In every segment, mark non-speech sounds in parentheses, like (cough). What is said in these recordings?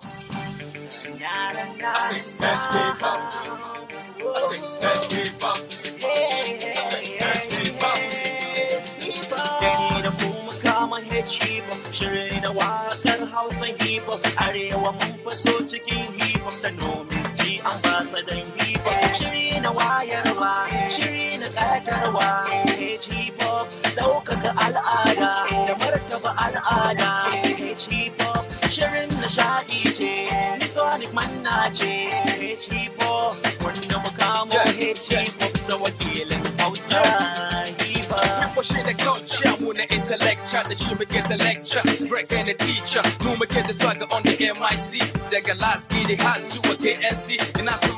I say that's big bop. I say that's big bop. I say that's big bop. Gani da kuma kama hip-hop Shirin da waƙar Hausa hip-hop Arewa mun faso cikin hip-hop Da nomis ji ambasadan hip-hop Shiri na wayarwa, shiri na ƙatarwa Hip-hop ɗaukaka al'ada da martaba al'ada manna ce cibo wannan lecture drake and the teacher mu muke da swagger on the mic daga laski da has to a knc a su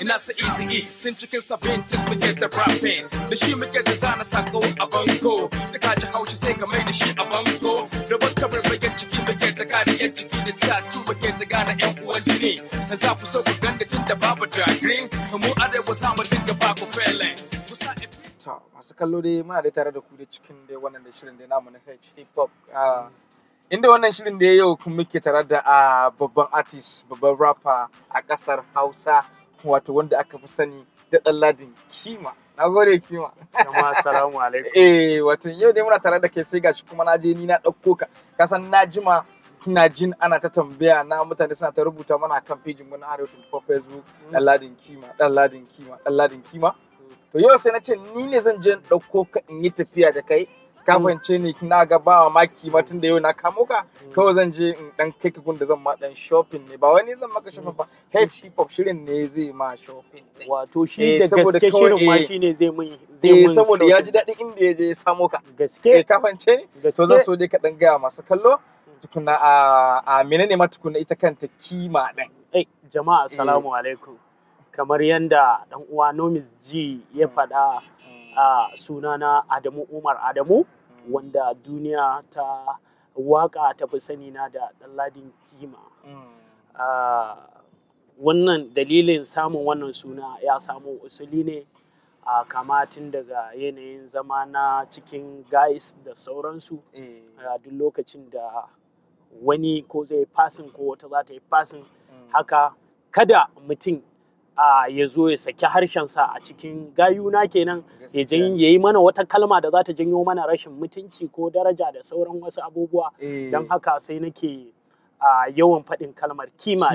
And that's a easy e chicken cikin sabin tis muke da rapping The shi muke da zana sako a bango da kaji haushi sai ka mai da shi a bango da baka ta kare yan ciki da tatu bake ta gane yan uwan jini na za ku so ku ganda tun da babu dragrin mu arewa samu mu da ba ku failing. masu kallo dai muna da tare da ku da cikin dai wannan da shirin dai namu na hip hop ah, inda wannan shirin da yau kun muke tare da ah, babban artist babban rapper a kasar hausa wato wanda aka fi sani da ɗan ladin kima na gode kima kuma assalamu (laughs) alaikum eh wato yau dai muna tare da kai sai gashi kuma na je ni na ɗauko ka kasan na jima Kina jin ana ta tambaya na mutane suna ta rubuta mana kan pejin mu na Arewa 24 Facebook mm. dan ladin kima dan ladin kima dan ladin kima to yau sai na ce ni ne zan je dauko ka in yi tafiya da kai ka mm. fance ni na ga ba ma kima tun da yau na kamo ka mm. kawai zan je in dan kai ka da zan ma dan shopping ne ba wani zan maka shopping ba h hip hop shirin ne zai ma shopping wato shi eh, da gaske shirin ma eh, shi ne zai mun eh saboda ya ji daɗi inda ya je ya samo ka gaske eh ka fance ni to zan so dai ka dan gaya masu kallo tukuna a a menene ma tukuna ita kanta kima din eh jama'a assalamu alaikum kamar yanda dan uwa Nomis G ya hmm. faɗa hmm. a sunana Adamu Umar Adamu hmm. wanda duniya ta waka ta fi sani na da ɗanladin kima wannan dalilin samun wannan suna ya samu usuli ne a kamatin daga yanayin zama na cikin guys da sauransu eh. a duk lokacin da wani ko zai fasin ko wata za ta yi fasin mm. haka kada mutum ya zo ya saki harshensa a cikin gayuna kenan ya yi mana wata kalma da za ta janyo mana rashin mutunci ko daraja da sauran wasu abubuwa eh. don haka sai nake a yawan faɗin kalmar kima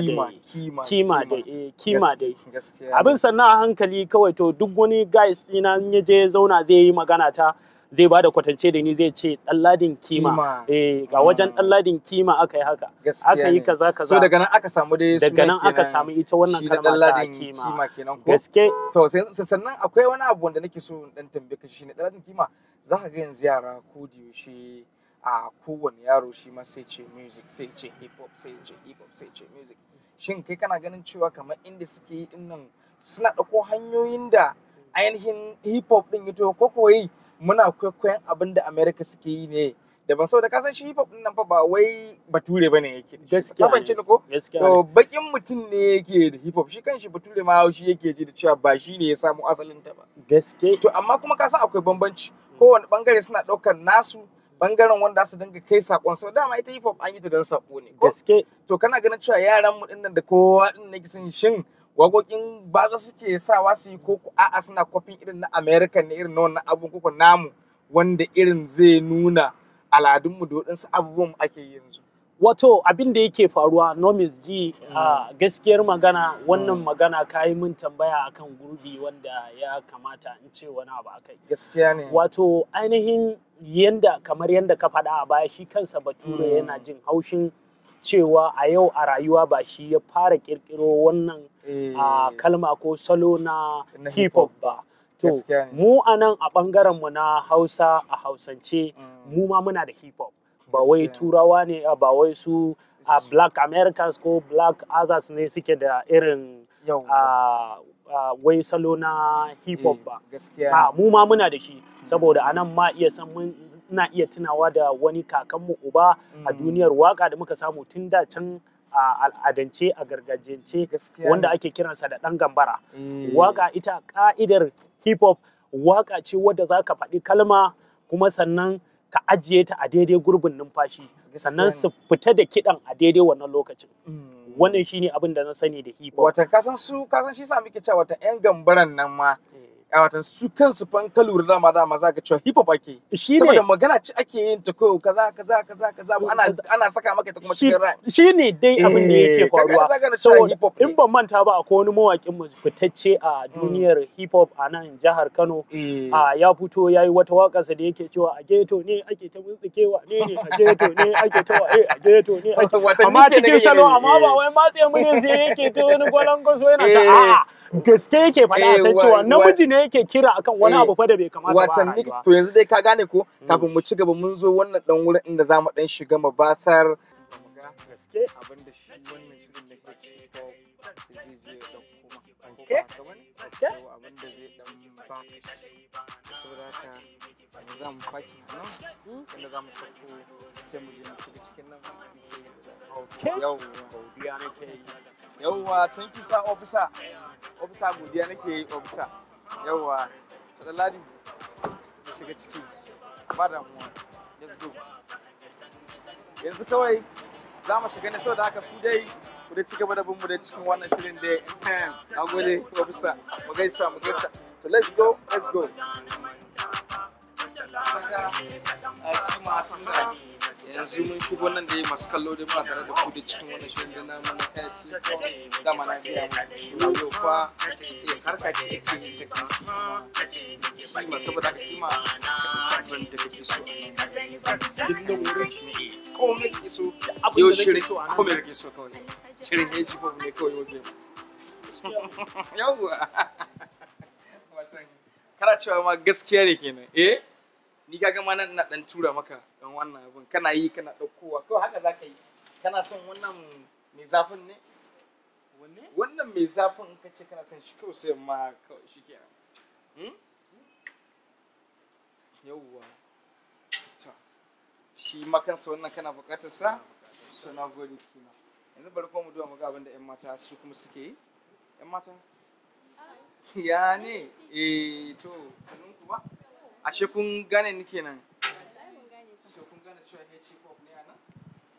dai kima da eh, abin sannan a hankali kawai to duk wani guys ɗina ya je zauna zai yi magana ta zai bada kwatance da ni zai ce ɗalladin kima eh ga wajen mm. ɗalladin kima aka yi haka aka yi kaza kaza so daga nan aka samu dai daga nan aka samu ita wannan kalma ta kima kenan ko gaske to sannan akwai wani abu wanda nake so dan tambaye ka ne ɗalladin kima za ka ga yanzu yara ko da yaushe a kowane yaro shi ma sai ce music sai ce hip hop sai ce hip hop sai ce music shin kai kana ganin cewa kamar inda suke yi dinnan suna ɗauko hanyoyin da ainihin hip hop din ya ko koyi muna kwaikwayon abin da America suke yi ne daban saboda kasan shi hip hop nan fa ba wai bature bane yake gaskiya ban ne ko to bakin mutum ne yake da hip hop shi kanshi bature ma haushi yake ji da cewa ba shi ne ya samu asalin ta ba gaske to amma kuma kasan akwai bambanci kowane bangare suna daukar nasu bangaren wanda su dinga kai sakon sau dama ita hip hop an yi ta don sako ne gaske to kana ganin cewa yaran mu dinnan da kowa din ne shin waƙoƙin baza suke sawa su yi ko a'a suna kwafin irin na america ne irin na wannan abun koko namu wanda irin zai nuna al'adunmu da waɗansu abubuwan ake yanzu wato abin da yake faruwa nomis ji mm. a gaskiyar magana wannan mm. magana ka yi min tambaya akan gurbi wanda ya kamata in ce wani abu akai gaskiya ne wato ainihin yanda kamar yanda ka faɗa a baya shi kansa bature mm. yana jin haushin cewa a yau a rayuwa ba shi ya fara kirkiro wannan eh. a ah, kalma ko salo na hip hop ba to mu a nan a ɓangarenmu mu na hausa a hausance mm. mu ma muna da hip hop ba wai turawa ne ah, ba wai su a ah, black americans ko black others ne suke da irin wai salo na hip hop eh, ba mu ma muna da shi saboda anan ma iya san mun ina iya tunawa da wani kakanmu uba a mm. duniyar waka da muka samu tun da can a al'adance a gargajiyance wanda ake kiransa da ɗan gambara eh. waka ita ka'idar hip hop waka ce wadda za ka faɗi kalma kuma sannan ka ajiye ta a daidai gurbin numfashi sannan su fita da kiɗan a daidai wannan lokacin mm. wannan shine abin da na sani da hip hop wata kasan su kasan shi sa muke cewa wata yan gambaran nan ma watan su kansu fan ka lura dama dama zaka cewa hip hop ake ne saboda magana ci ake yin ta ko kaza kaza kaza kaza ana ana saka maka ta kuma cikin Shi ne dai abin da yake eh, faruwa so in ban manta ba akwai wani mawakin mu fitacce a mm. duniyar hip hop a nan jihar Kano eh. a ya fito yayi wata sa da yake cewa a ghetto ne ake ta mutsikewa ne ne a ghetto ne ake ta wa a ghetto ne (laughs) amma cikin salo amma ba wai matsayin mu ne sai yake ta wani gwalangoso yana ta eh. a'a gaske yake faɗa a eh, san cewa namiji ne yake kira akan wani eh, abu fa da bai kamata ba watan to yanzu dai ka gane ko mm. kafin mu ci gaba mun zo wannan dan wurin inda zamu dan shiga mu basar gaske abin da shi wannan shirin da ke ci zai je da dauko ma abin da zai dan ba saboda haka za mu faki nan hmm? inda za mu sako sai mu je mu shiga cikin nan yau godiya nake yi yauwa thank you sir officer officer godiya nake yi officer yauwa Ladi mu shiga ciki ba damuwa let's go yanzu kawai za mu shiga ne da aka fi dai ku dai cigaba da bin da cikin wannan shirin dai (laughs) na gode officer mu gaisa mu gaisa to let's go let's go yanzu mun shigo nan da masu kallo dai muna tare da ku da cikin wani shirin da na mana kayaci da mana biya mu yau kwa ya eh, harka ce ke yin ta kima saboda ka kima abin da kake so duk da wurin komai kake so yau shirin komai kake so kawai shirin ya ji ne kawai yau zai (laughs) yawwa (laughs) kana cewa ma gaskiya ne kenan eh ni kaga ma nan na dan tura maka dan wannan abin kana yi kana daukowa kawai haka za ka yi kana son wannan mai zafin ne Wanne wannan mai zafin in kace kana son shi kawai sai ma kawai shi ke ta hmm? shi ma kansa wannan kana buƙatar sa so na gode kima yanzu bari kuma mu duba mu ga abin da ƴan mata su kuma suke yi ƴan mata ah. ya ne eh to sannan kuma ashe kun gane ni kenan so kun gane cewa hip hop ne anan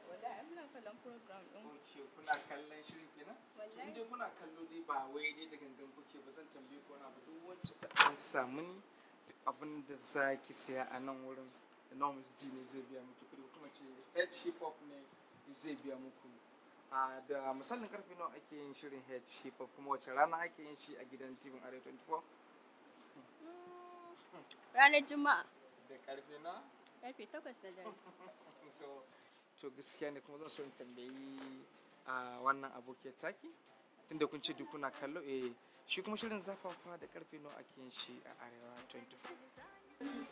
wallahi muna kallon program din okay kuna kallon shirin kenan in dai kuna kallo dai ba wai dai da gangan kuke ba zan tambaye ku wani abu duk wacce ta an samu ni abin da zaki ki siya a nan wurin enormous d ne zai biya muku kuɗi kuma ce h hip hop ne zai biya muku da misalin karfe nawa ake yin shirin h hip hop kuma wace rana ake yin shi a gidan tv arewa 24 Ranar Juma'a. Da karfe na? Karfe takwas da dare. (laughs) To gaskiya ne kuma zan so in tambayi a wannan abokiyar taki tunda kun ce duk kuna kallo eh shi kuma shirin zafafa da karfe nawa ake yin shi a arewa 24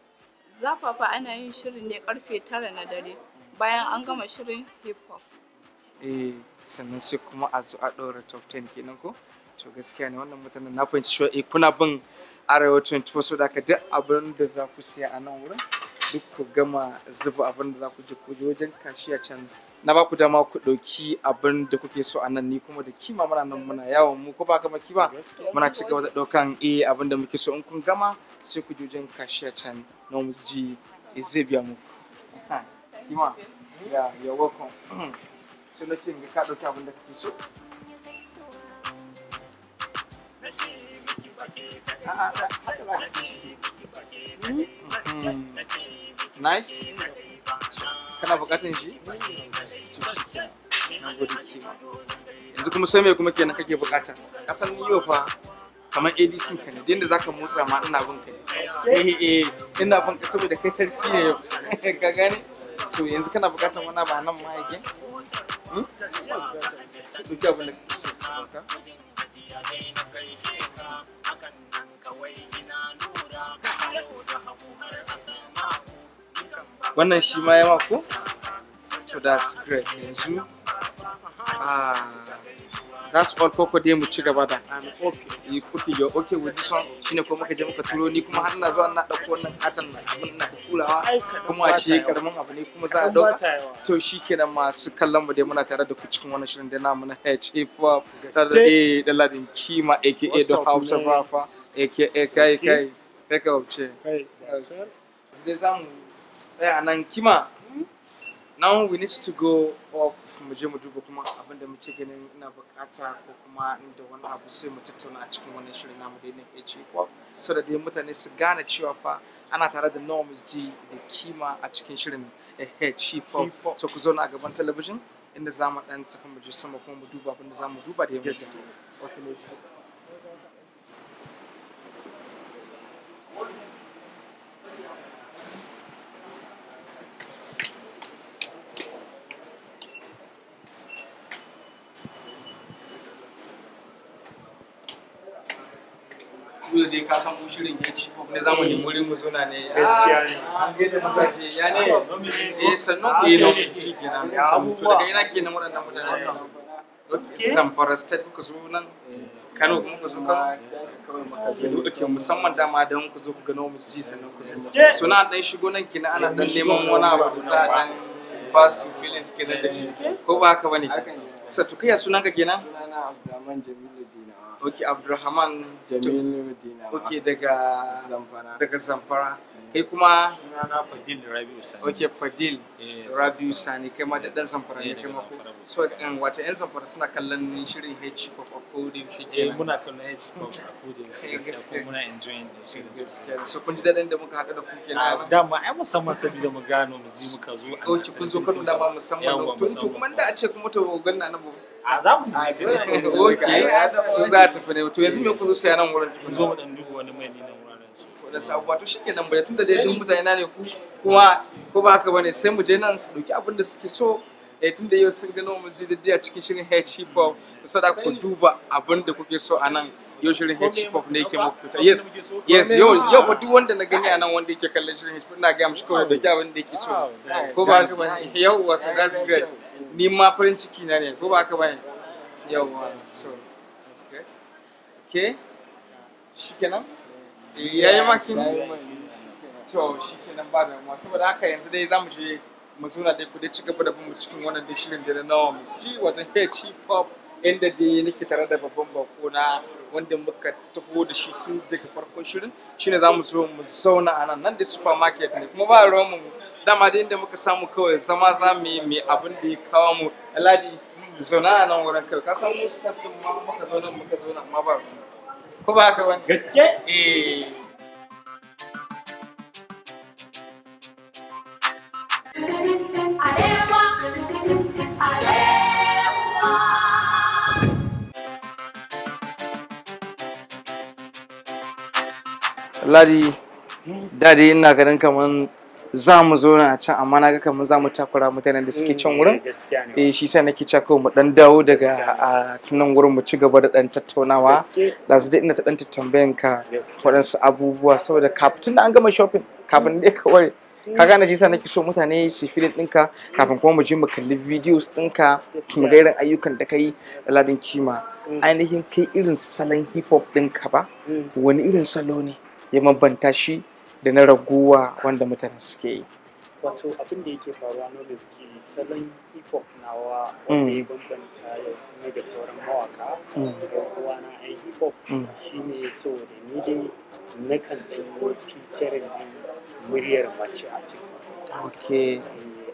zafafa ana yin shirin ne karfe tara na dare bayan an gama shirin hip hop eh sannan sai kuma a zo a ɗora top 10 kenan ko to gaskiya ne wannan mutanen na fahimci cewa eh kuna bin arewa 24 so da ka duk abin da za ku siya a nan wurin duk ku gama zuba abin da za ku je ku wajen wajen kashiya can na ba ku dama ku ɗauki abin da kuke so a nan ni kuma da kima muna nan muna yawon mu ko ba gama kima muna ci gaba da ɗaukan eh abin da muke so in kun gama sai ku je wajen kashiya can na mu ji zai biya mu (laughs) kima yeah you're welcome (clears throat) so nake ga ka ɗauki abin da kake so Ah, ah, ah, nice kana bukatan shi yanzu kuma sai mai kuma kenan kake bukata kasan yiwa fa kamar adc ka ne da zaka motsa ma ina bin ka ne eh, eh eh ina bin ka saboda kai sarki ne (laughs) ka gane so yanzu kana bukatan wani ba nan ma yake hmm? Duk abin da kake daji a na kai sheka akan nan kawai ina nura yau da hagu har a san maku wannan shi ma ya mako? so that's great yanzu ah that's all koko dai mu ci gaba da yi kufi your okay with this one shine ko muka je muka turo ni kuma har na zo na dauko wannan katon na abin na turawa kuma shi karamin abu ne kuma za a dauka to shikenan masu kallon mu dai muna tare da ku cikin wannan shirin da namu na H hip hop da eh, da ladin kima aka da Hausa Rafa aka eh, kai kai kai kai kai kai kai kai kai kai nan kima. now we need to go off mu mu duba kuma abin da muke ganin ina bukata ko kuma inda wani abu sai mu tattauna a cikin wannan shirin namu da na age equal so da dai mutane su gane cewa fa ana tare da norms ji da kima a cikin shirin eh, h e hip hop to ku zo na gaban talabijin inda za mu dan tafi mu je sama kuma mu duba abin da za mu duba da yamma. dai ka san mu shirin ya ci ko ne zamu eh. nemi wurin mu zauna ne gaskiya ne ah, ah, yadda mazaje ya ne eh sannan eh no shi kenan to daga ina kenan waɗannan mutane zamfara state kuka zo nan kano kuma kuka zo kan? kano ok musamman dama don ku zo ku gano musu ji sannan ku so na dan shigo nan kina ana dan neman wani abu za a dan ba su feelings kenan da shi ko ba haka bane sa to kai sunan ka kenan sunana abdulrahman jamilu Okey Abdul Rahman Jamil Medina. Okey dekat Zamfara. Dekat Zamfara. kai kuma sunana Fadil Rabiu Sani okay Fadil eh, Rabiu Sani kai ma da dan samfara ne eh, kai ma ko so wata yan samfara suna kallon shirin H pop ko kodin shi eh muna kallon H pop a kodin shi eh, gaskiya muna enjoying din shi so kun ji dadin da muka hada da ku kenan ah, ma ai musamman saboda mu gano mu ji muka zo okay kun zo Kano da ba musamman tun to kuma da a ce kuma to ganna na a ah, za mu yi ah, (laughs) kai (laughs) su za ta fi ne to yanzu me kun zo sai nan wurin tukun zo mu dan duba wani mai ne da sabuwa to shike nan bai tunda dai duk mutane na ne ku kuma ko ba haka bane sai mu je nan su dauki abin da suke so eh tunda yau sun gano mu zai daddiya cikin shirin h hip hop so da ku duba abin da kuke so a nan yau shirin h hip hop ne yake muku fita yes yes yau yau ko duk wanda na gani a nan wanda yake kallon shirin h hop ina ga mishi kawai dauki abin da yake so ko ba haka bane yau wasu that's great ni ma farin ciki na ne ko ba haka bane yau so that's great okay shikenan ya yi makin to shi kenan ba damuwa saboda haka yanzu dai za mu je mu zauna dai ku dai ci gaba da bin mu cikin wannan da shirin da na musti wata hip hop inda dai nake tare da babban bako na wanda muka taho da shi tun daga farkon shirin shine za mu zo mu zauna a nan nan da supermarket ne kuma ba ruwan mu dama dai inda muka samu kawai zama za mu yi mai abin da ya kawo mu aladi zauna a nan wurin kai ka samu staff din ma muka zauna muka zauna amma ba ko ba haka wani gaske eh Ladi, dadi ina ganin kamar za mu zo na can amma na ga kamar za mu takura mutanen da suke can mm, wurin eh shi sa nake cewa kawai mu dan dawo daga a tunan wurin mu ci gaba da dan tattaunawa da su ina ta dan tambayan ka waɗansu abubuwa saboda kafin da an gama shopping kafin dai ka mm. ka gane shi sa nake so mutane su filin ɗinka kafin kuma mu je mu kalli videos ɗinka mu ga irin ayyukan da kai da ladin kima mm. ainihin kai irin salon hip hop ɗinka ba wani irin salo ne ya mabanta shi da na raguwa wanda mutane suke yi wato abin da yake faruwa na da salon hip hop nawa mm. wanda ya bambanta yau kuma da sauran mawaka da mm. kowa na ai hip hop mm. shine so da ni dai na kan wafi featuring muryar mace a ciki eh,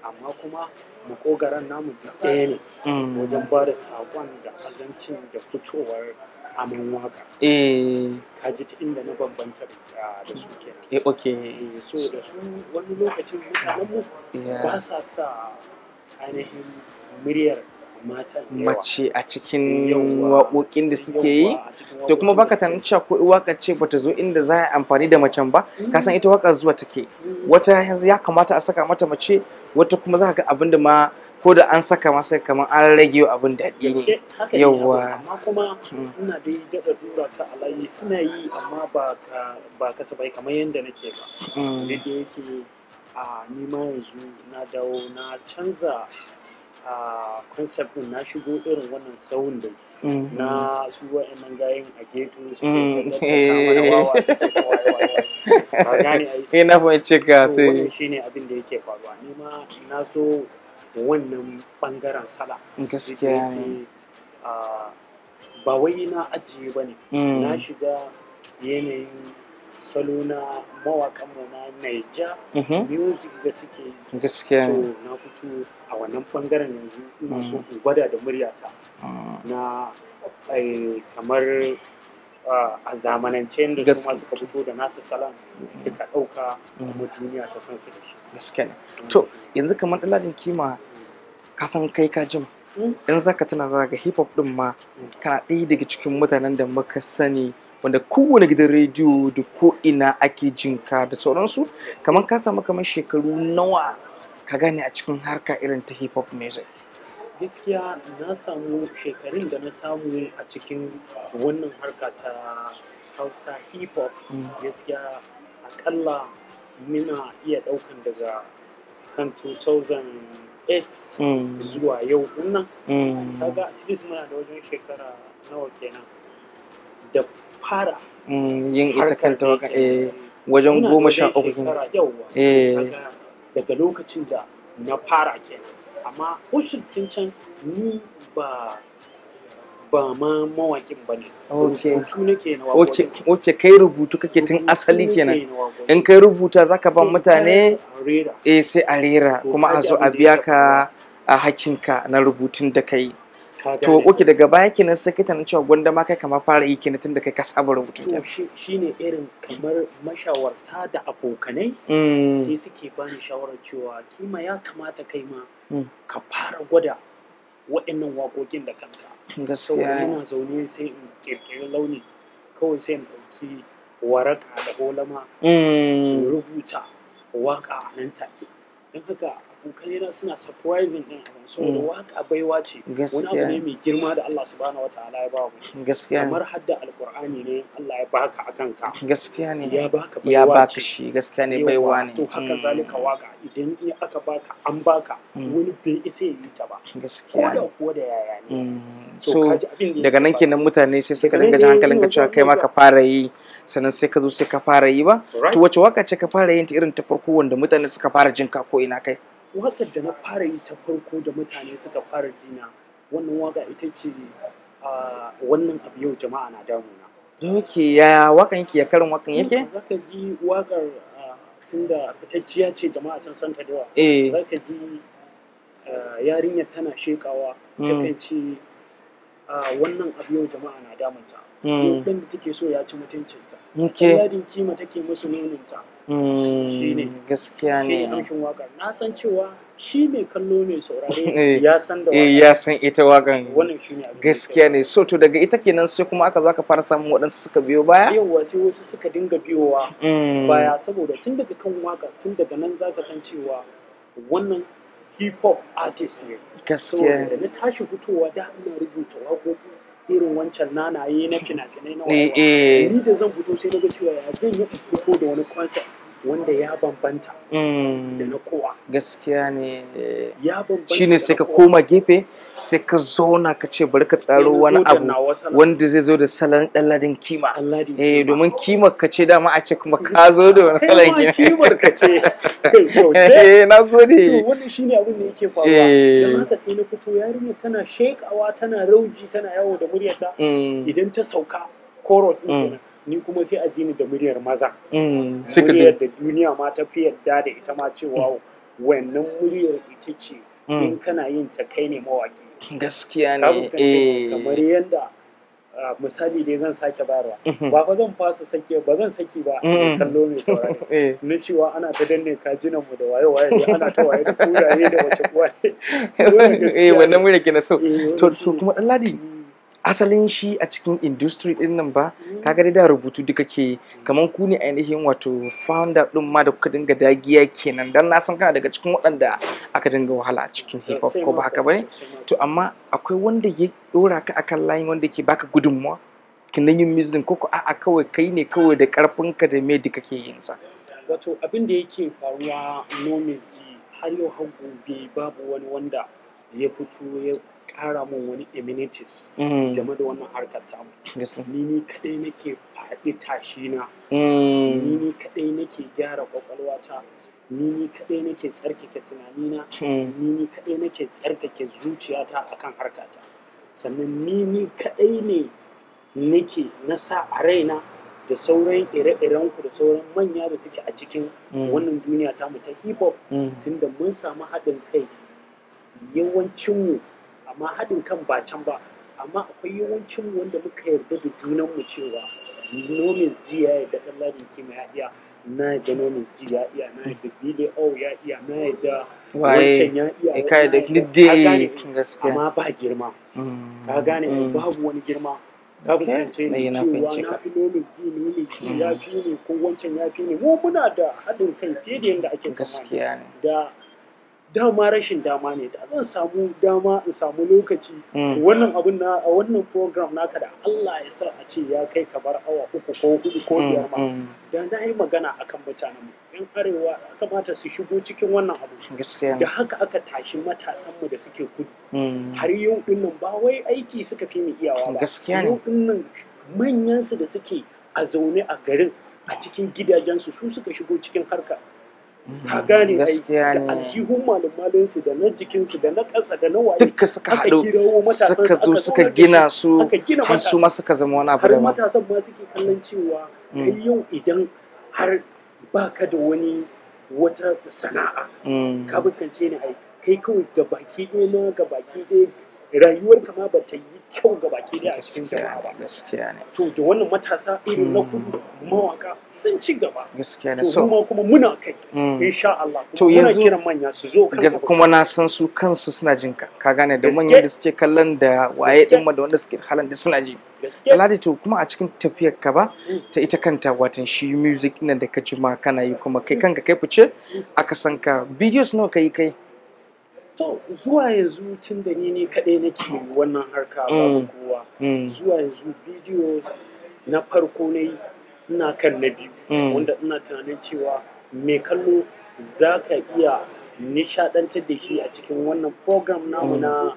amma kuma makogaran namu da ɗaya ne mm. wajen ba da saƙon da azancin da fitowar amin waka eh. ka ji ta inda na bambanta da su ke eh, eh so da su wani lokacin mutanen mu ba sa sa ainihin muryar mace a cikin waƙoƙin da suke yi to kuma baka ta cewa ko waka ce bata zo inda za a amfani da macen ba mm. ka san ita waka zuwa take wata ya kamata a saka mata mace wata kuma za ka ga abin da ma ko da an saka masa kamar an rage abin daɗi ne yawwa amma kuma mm. ina yi daɗa dura sa a layi suna yi amma ba bai kamar yadda nake ba mm. da yake a nima yanzu na dawo na canza concept din na shigo irin wannan sauyin da mm. na su nan gayin a geto su ke wawa wasu ke ba gane ai (laughs) na fahimci abin da yake faruwa ni ma na so wannan bangaren sala gaskiya ba wai na ajiye bane mm. na shiga yanayin salo na mawakan mu na Naija mhm. music da suke gaskiya na kutu a wannan bangaren yanzu ina so mhm. in gwada da muryata ah. na kamar ah, a zamanance da su masu fito da nasu salon mhm. suka ɗauka kuma duniya ta san su da shi gaskiya mm. to yanzu kamar ɗaladin kima ka san kai ka jima mm. in zaka tana za ga hip hop din ma mm. kana ɗaya daga cikin mutanen da muka sani wanda kowane gidan rediyo da ko'ina ake jinka da sauransu kamar ka samu kamar shekaru nawa ka gane a cikin harka irin ta hip hop music gaskiya na samu shekarun da na samu a cikin ah, wannan harka ta hausa hip hop mm. gaskiya akalla muna iya daukan daga kan 2008 mm. zuwa yau nan mm. kaga at least muna da wajen shekara nawa kenan fara mm, yin ita kanta waka eh, wajen goma sha uku eh. daga lokacin da na fara kenan amma ushin can ni ba ba ma mawakin ba ne. Rubutu nake na wakokin. Wace kai rubutu kake tun asali kenan. In kai rubuta zaka ban mutane eh sai a rera kuma a zo a biya ka a hakinka na rubutun da kai. to oke daga baya kenan sai kai na cewa gwanda ma kai kamar fara yi kenan tunda kai ka saba rubutu to shine irin kamar mashawarta da abokanai mm. sai suke bani shawarar cewa kima ya kamata kai ma mm. ka fara gwada waɗannan waƙoƙin da kanka gaskiya ina zaune sai in kirkiri launi kawai sai in ɗauki waraka da holama mm. in rubuta waƙa nan take don haka abokanai na suna surprising din abin saboda mm. waka baiwa ce wani abu ne mai girma da Allah subhanahu wa ta'ala ya ba gaskiya kamar hadda alqur'ani ne Allah ya baka akan ka gaskiya ne ya baka ya baka shi gaskiya ne baiwa ne to haka mm. zalika waka idan in aka baka an baka mm. wani bai isa ya yi ta ba gaskiya ne ko da yaya ne so daga nan kenan mutane sai suka dinga jin hankalin ka cewa kai ma ka fara yi sannan sai ka zo sai ka fara yi ba to wace waka ce ka fara yin ta irin ta farko wanda mutane suka fara jin ka ko ina kai waƙar da na fara yi ta farko da mutane suka fara jina wannan waƙa ita ce wannan abu yau jama'a na damuna. Ok, ya wakan yake ya karin wakan hmm, yake? Za ka ji waƙar da fitacciya ce jama'a sun santa da yawa. Eh. Za ka ji tana shekawa hmm. ta kan ce wannan abu yau jama'a na damunta. Yau hmm. ɗan da take so ya ci mutuncinta. Ok. kima take musu nuninta. Hmm, gaskiya ne amshin wakar na san cewa shi mai kallo mai saurare (laughs) eh, ya san da eh, wakar ya san ita wakar wannan shi ne gaskiya ne so to daga ita kenan sai kuma aka zaka fara samun waɗansu suka biyo baya yawa sai wasu suka dinga biyowa hmm. baya saboda tun daga kan waka tun daga nan zaka san cewa wannan hip hop artist ne gaskiya da na tashi fitowa da ina rubuta waƙoƙi irin wancan nanaye na fina-finai na eh, wani eh. ni da zan fito sai na ga cewa ya zan yi fito da wani concept wanda ya bambanta mm. da na kowa gaskiya ne ya bambanta shine sai ka koma gefe sai ka zauna ka ce bari ka tsaro wani abu wanda zai zo da salon ɗalladin kima eh domin kimar ka ce dama a ce kuma ka zo da wani salon kima kimar ka ce (laughs) eh na gode wannan shine abin da yake faruwa eh. don haka sai na fito yarinya tana shekawa tana rauji tana yawo da muryata mm. idan ta sauka koros mm. kenan ni kuma sai a ji ni da muryar maza mm. muryar da duniya ma ta fi yadda da ita ma cewa mm. wannan muryar ita ce mm. in kana yin ta kai ne mawaƙi gaskiya ne eh. kamar yadda misali dai zan sake bayarwa mm-hmm. ba ba zan fasa sake ba zan saki ba kallo mai saurari (laughs) eh. na cewa ana ta danne kajinan mu da waye waye ana ta waye da kuraye da wace kuwa (laughs) eh wannan muryar ke na so eh, to kuma dan ladi asalin shi a cikin industry din nan ba kaga dai da rubutu duka ke kaman ku ne ainihin wato founder din ma da kuka dinga dagiya kenan dan na san kana daga cikin waɗanda aka dinga wahala a cikin hip hop ko ba haka bane to amma akwai wanda ya dora ka akan layin wanda ke baka gudunmuwa nan yin music ko ko a'a kawai kai ne kawai da karfin ka da me duka ke yin sa wato abin da yake faruwa no har yau har gobe babu wani wanda ya fito ya ƙara mun wani amenities mm. game da wannan harkar tamu ni ni kadai nake faɗi tashi na mm. ni ni kadai nake gyara kwakwalwata ni ni kadai nake tsarkake tunanina mm. ni ni kadai nake tsarkake zuciya zuciyata akan harkata sannan ni ni kadai ne nake na sa a raina da sauran ire-iren ku da sauran manya da suke a cikin wannan duniya tamu ta hip hop tunda mun samu haɗin kai yawancinmu amma haɗin kan ba can ba amma akwai yawancin wanda muka yarda da junanmu cewa nomis ji ya yarda ɗan ladin kima ya iya na yarda nomis ji ya iya na yarda bile o ya iya na yarda wancan ya iya ya kai da lidde gaskiya amma ba girma ka mm, gane mm. babu wani girma ka fuskance ni cewa na fi nomis ji ne ne ji ya mm. fi ne ko wancan ya fi ne mu muna da haɗin kai fiye da yadda ake tsammani da dama rashin dama ne da zan samu dama in samu lokaci mm. wannan abun na a wannan program naka da Allah ya sa a ce ya kai ka bar awa uku ko hudu ko mm, biyar ma mm. da na yi magana akan mutanen mu yan arewa kamata su shigo cikin wannan abu da haka aka tashi matasan mu da suke kudu har yau din nan ba wai aiki suka fi mu iyawa ba ne din nan manyan su da suke a zaune a garin a cikin gidajen su, su suka shigo cikin harka ka mm-hmm. gane aljihun malamalin su da suka haɗu suka zo suka gina su har suka zama wani abu da ma suke kallon cewa mm. yau idan har baka da wani wata sana'a mm. ka fuskance ni ai kai kawai baki ɗaya ga baki ɗaya rayuwar ma ba ta yi kyau ga baki ne a cikin jama'a ba gaskiya ne to da wannan matasa irin na kudu mawaka sun ci gaba gaskiya ne so kuma kuma muna kai mm. insha Allah to yanzu kiran manya su zo kan kuma na san su kansu suna jin ka ka gane da manyan da suke kallon da waye din ma da wanda suke halan da suna ji Alhaji to kuma a cikin tafiyar ka ba mm. ta ita kanta watan shi music nan da ka ji ma kana yi kuma kai kanka kai fice mm. aka san ka videos nawa kai kai To zuwa yanzu tun da ni ne kaɗai nake hmm. wannan harka babu hmm. kowa. Hmm. Zuwa yanzu bidiyo na farko na yi ina kan na biyu. Wanda ina tunanin cewa me kallo za ka iya nishaɗantar da shi a cikin wannan program namu na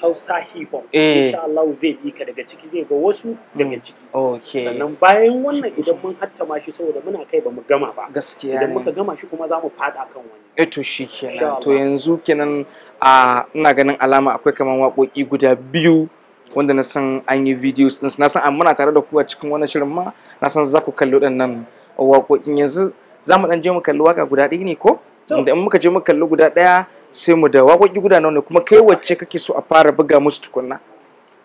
Hausa hip hop eh. insha Allah zai bi ka daga ciki zai ga wasu mm. daga ciki sannan bayan wannan idan mun hattama shi saboda muna kai ba mu gama ba gaskiya ne. idan muka gama shi kuma za mu fada kan wani eh to shikenan to yanzu kenan a ina ganin alama akwai kaman waƙoƙi guda biyu wanda na san an yi videos din na san muna tare da ku a cikin wannan shirin ma na san za ku kalli waɗannan waƙoƙin yanzu za mu dan je mu kalli waka guda ɗaya ne ko Idan muka je mu kalli guda ɗaya sai mu da waƙoƙi guda nawa ne kuma kai wacce kake so a fara buga musu tukunna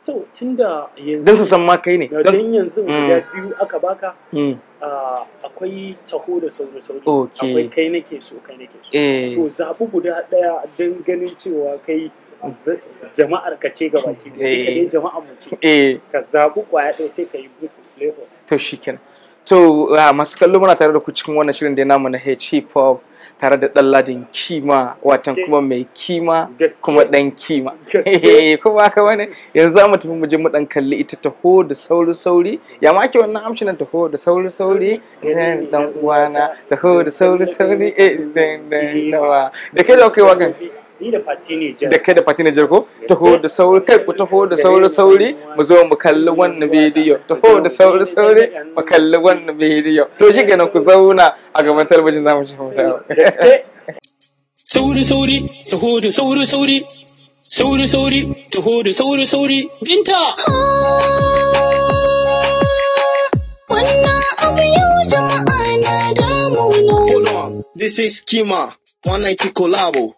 to tunda yanzu dan su san ma kai ne dan yanzu guda mm. biyu aka baka mm. ah, akwai taho da sauri sauri akwai kai nake so kai nake so eh. to zabu guda daya dan ganin cewa kai jama'ar ka ce ga baki ne eh. jama'ar mu ce eh. ka zabu kwaya ɗaya sai ka yi musu flavor to shikenan to ah, masu kallo muna tare da ku cikin wannan shirin da namu na hip hop tare da ɗalladin kima watan kuma mai kima kuma ɗan kima kuma ka wani yanzu za mu tafi muje mu ɗan kalli ita taho da sauri sauri ya ma ake wannan amshinan taho da sauri sauri ɗan uwana taho da sauri sauri eh dan dan da kai da kai wagan da kai da fatini jar taho eh. da sauri kai ku taho da sauri sauri mu zo mu kalli wannan bidiyo taho da sauri sauri mu kalli wannan bidiyo to shi kenan ku zauna a gaban talabijin zamu ci mu eh. sauri sauri taho da sauri sauri sauri sauri taho da sauri sauri binta ah, wannan abu yau jama'a na This is Kima 190 Collabo.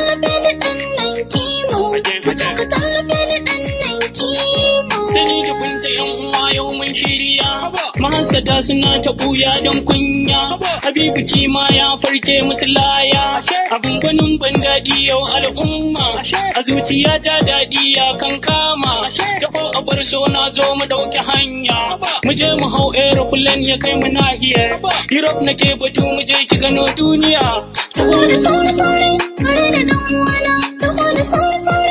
sada suna ta buya don kunya habibu kima ya farke musu laya abin gwanin ban daɗi yau al'umma a zuciya ta daɗi ya kan kama da ko a bar so na zo mu ɗauki hanya mu je mu hau aeroplane ya kai mu nahiyar europe nake batu mu je ki gano duniya Taho da sauri sauri, kare da ɗan uwana, taho da sauri sauri.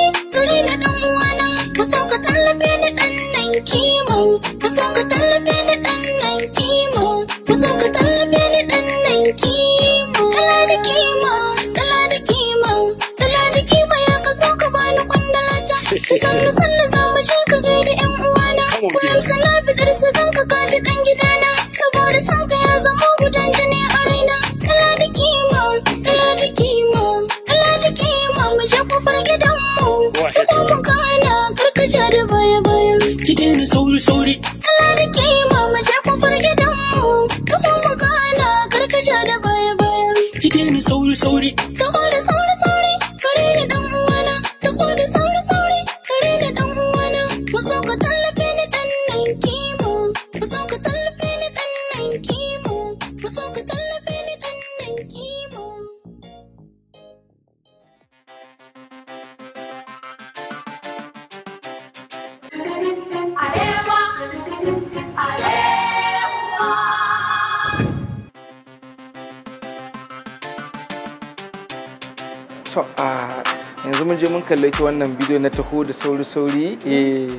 to a ah, yanzu mun je mun kalle ki wannan bidiyo na taho da sauri sauri eh,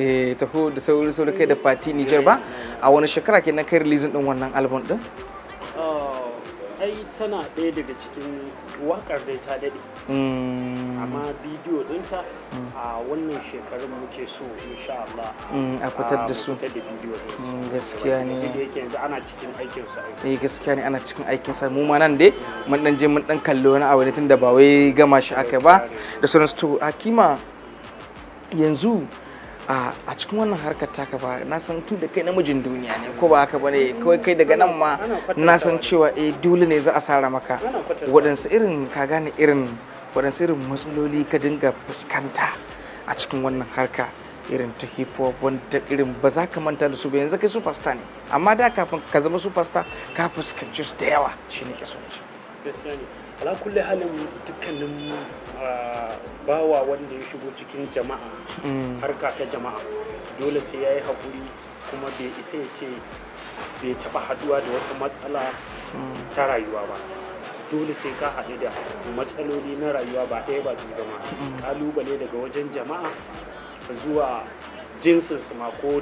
eh taho da sauri sauri kai da party Niger ba a wani shekara kenan kai releasing din wannan album din ah, ai tana ɗaya daga cikin wakar da ta dade hmm. amma bidiyo dinta a wannan shekarun muke so insha Allah mm, a fitar da su mm, gaskiya ne yanzu ana cikin aikin sa eh gaskiya ne ana cikin aikin sa mu ma nan dai mun dan je mun dan kallo wani abu ne tunda ba wai gama shi aka ba da sauran to hakima yanzu a cikin wannan harkar taka ba na san tun da kai namijin duniya ne ko ba haka ne kawai kai daga nan ma na san cewa eh dole ne za a sara maka waɗansu irin ka gane irin waɗansu irin matsaloli ka dinga fuskanta a cikin wannan harka irin ta hip hop wanda irin ba za ka manta da su ba yanzu kai superstar ne amma da kafin ka zama superstar ka fuskanci su da yawa shi ne ke so ne ala kulle halin dukkanin ah, bawa wanda ya shigo cikin jama'a mm. harka ta jama'a dole sai ya yi haƙuri kuma bai isa ya ce bai taɓa haɗuwa da wata matsala mm. ta rayuwa ba dole sai ka haɗu da matsaloli na rayuwa ba ɗaya ba biyu ba ma ƙalubale daga wajen jama'a zuwa jinsin su ma ko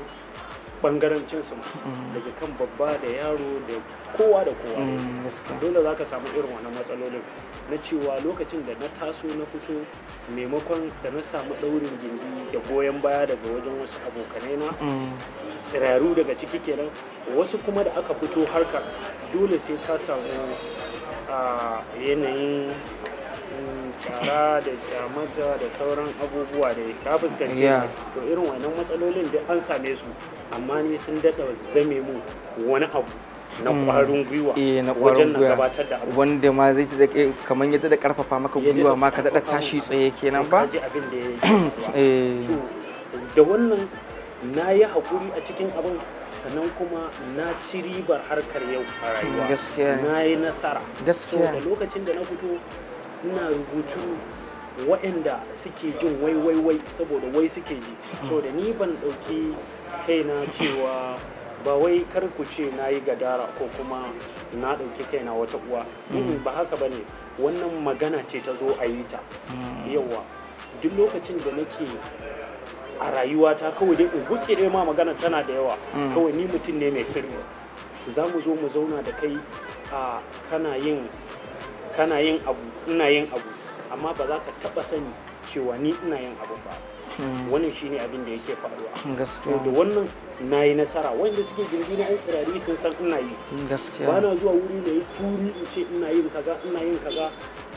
bangarancin su ma mm. daga kan babba da yaro da kowa da kowa mm, dole za ka samu irin wannan matsalolin na cewa lokacin da na taso na fito maimakon da na samu ɗaurin gindi da goyon baya daga wajen wasu abokanai na mm. tsiraru daga ciki kenan wasu kuma da aka fito harkar dole sai ka samu a yanayin tara mm, da kyamata da sauran abubuwa da ka fuskanci to irin wannan matsalolin da an same su amma ni sun daɗa zame mu wani abu na mm. ƙwarin gwiwa eh, wajen na gabatar da abu wanda ma zai ta dake kamar yadda da karfafa maka gwiwa ma ka daɗa tashi tsaye kenan ba (clears throat) eh. da wannan na yi haƙuri a cikin abin sannan kuma na ci ribar harkar yau a rayuwa na yi nasara gaskiya da lokacin da na fito ina rubutu waɗanda suke jin wai wai wai saboda wai suke ji so da ni ban ɗauki kaina cewa ba wai kar ku ce na yi gadara ko kuma na ɗauki kaina wata uwa ba haka ba ne wannan magana ce ta zo a yi ta mm. yawa duk lokacin da nake a rayuwata kawai dai in gutse dai ma magana tana da yawa mm. kawai ni mutum ne mai sirri za mu zo mu zauna da kai a kana yin abu ina yin abu amma ba za ka taba sani cewa ni ina yin abu ba mm. wannan shine abin da yake faruwa gaskiya da wannan na yi nasara wanda suke girgi na yan tsirari sun san ina yi gaskiya ba na zuwa wuri da ya turi in ce ina yin kaza ina yin kaza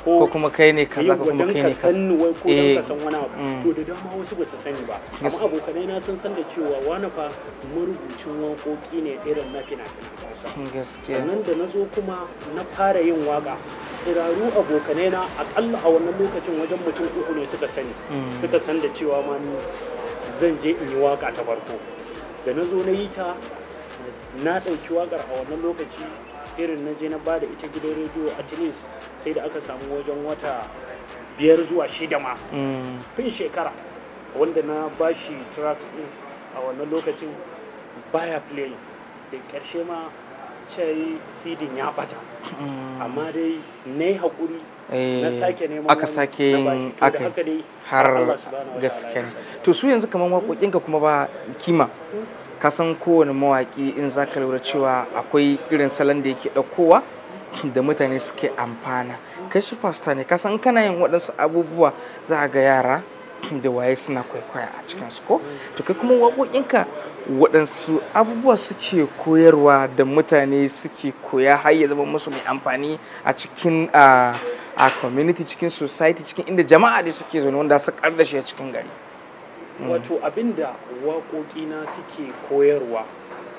ko kuma kai ne kaza ko kuma kai ne kaza ko dan ka san wani abu eh. to da dama wasu ba su sani ba amma abokanai na sun san da cewa wani fa marubucin waƙoƙi ne irin na fina kina gaskiya sannan da na zo kuma na fara yin waka tsiraru abokanai na akalla a wannan lokacin wajen mutum uku ne suka sani mm. suka san da cewa ma ni zan je in yi waka ta farko da na zo na yi ta na ɗauki wakar a wannan lokaci irin na je na bada ita gidan rediyo a tunis sai da aka samu wajen wata biyar zuwa shida ma mm. fin shekara wanda na bashi tracks din a wannan lokacin baya play da karshe ma cai sidin ya bata mm. amma dai na yi haƙuri eh, aka sake yin aka har gaskiya to su yanzu kamar waƙoƙinka kuma ba kima hmm? kasan kowane mawaƙi in za ka lura cewa akwai irin salon da yake ɗaukowa (clears throat) da mutane suke amfana kai shi fasta ne kasan kana yin waɗansu abubuwa za a ga yara (clears throat) da waye suna kwaikwaya a cikin su ko to kai kuma waƙoƙinka waɗansu abubuwa suke koyarwa da mutane suke koya har ya zama musu mai amfani a cikin a community cikin society cikin inda jama'a da suke zaune wanda su kar da shi a cikin gari Mm. wato abinda waƙoƙina suke koyarwa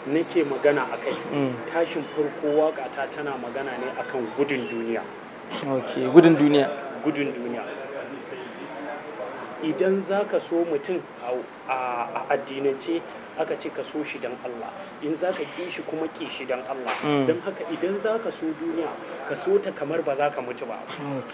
nake magana a kai mm. tashin farko waƙata tana magana ne akan gudun duniya ok gudun duniya gudun duniya idan za ka so mutum a addinance aka ce ka so shi don Allah in za ka ƙi shi kuma ƙi shi don Allah mm. don haka idan za ka so duniya ka so ta kamar ba za ka mutu ba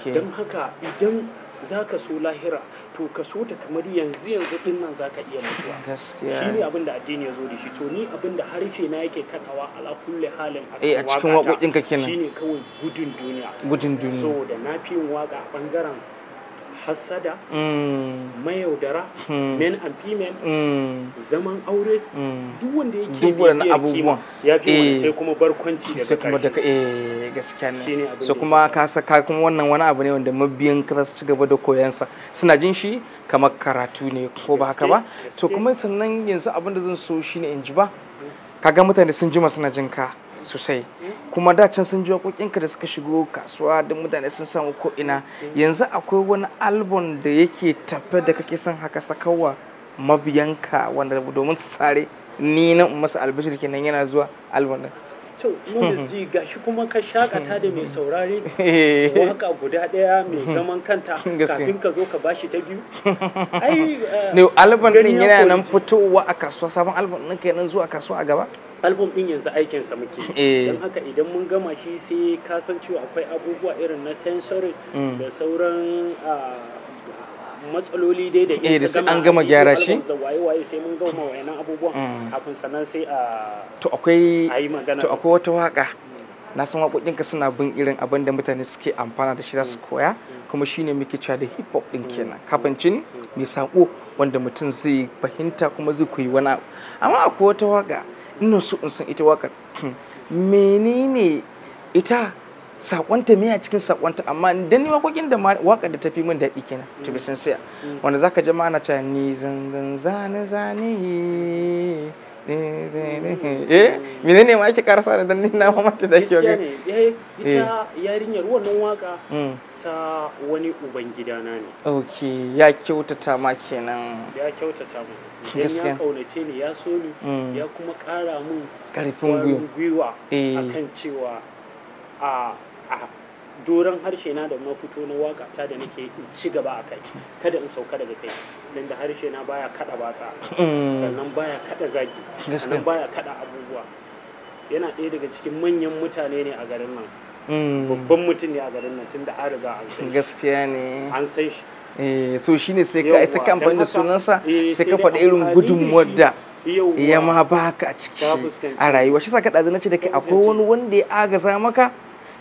don haka idan za ka so lahira to ka so ta kamar yanzu yanzu din nan zaka iya mutuwa gaskiya ne abin da addini ya zo da shi to ni abin da harshe na yake kadawa ala kulli halin eh, a cikin waƙoƙin ka kenan ne kawai gudun duniya gudun duniya saboda na fi yin waka a bangaren hassada mm. mayaudara mm. men and female mm. zaman aure duk wanda yake duk wanda abubuwan ya fi eh. sai kuma barkwanci da sai kuma daga eh gaskiya ne so kuma ka saka kuma wannan wani abu ne wanda mabiyan ka su gaba da sa suna jin shi kamar karatu ne ko ba haka ba to kuma sannan yanzu abin da zan so shine in ji ba kaga mutane sun jima suna jin ka sosai kuma da can sun ji waƙoƙinka da suka shigo kasuwa da mutane sun samu ko ina yanzu akwai wani album da yake tafe da kake son haka sakawa mabiyanka wanda domin su sare ni na masu albashir kenan yana zuwa album din to mun (laughs) ji gashi kuma ka shakata da mai saurari (laughs) eh. waka guda daya mai (laughs) zaman kanta kafin ka zo ka bashi ta biyu ai eh, ne album din yana nan fitowa a kasuwa sabon album din kenan zuwa kasuwa a gaba album din yanzu aikin sa muke eh. don haka idan mun gama shi sai ka san cewa akwai abubuwa irin na sensory mm. da sauran ah, matsaloli dai da ke eh, da an gama gyara shi waye-waye sai mun gama wayannan abubuwan mm. kafin sanan sai a to akwai to akwai wata waka na san ka suna bin irin abin da mutane suke amfana da shi za su mm. koya mm. kuma shine muke cewa da hip hop din kenan kafancin mai sako wanda mutum zai fahimta kuma zai koyi wani abu amma akwai wata waka ina so in san ita wakar (clears throat) menene ita sakonta me a cikin sakonta amma dan ni makokin da waka da tafi min daɗi kenan to be sincere mm. wanda zaka ji ma ana cewa ni zan zane zane eh menene ma ake karasa da dan ni na mata da kyau eh ita yarinyar wannan waka mm. ta wani ubangidana ne okay ya kyautata ma kenan ya kyautata mu ya kaunace ni ya so ni mm. ya kuma kara mun karfin gwiwa eh. akan cewa a doron harshe na da mafito na waka ta da nake in ci gaba a kai kada in sauka daga kai don da harshe na baya kada batsa mm. sannan baya kada zagi sannan baya kada abubuwa yana ɗaya daga cikin manyan mutane ne a garin nan mm. babban mutum ne a garin nan tun da an riga an san gaskiya ne an san shi eh so shine sai ka sai ka amfani da sunansa eh, sai ka faɗi irin gudunmuwar da ya ma baka a ciki a rayuwa shi sa ka ɗazi na ce da kai akwai wani wanda ya agaza maka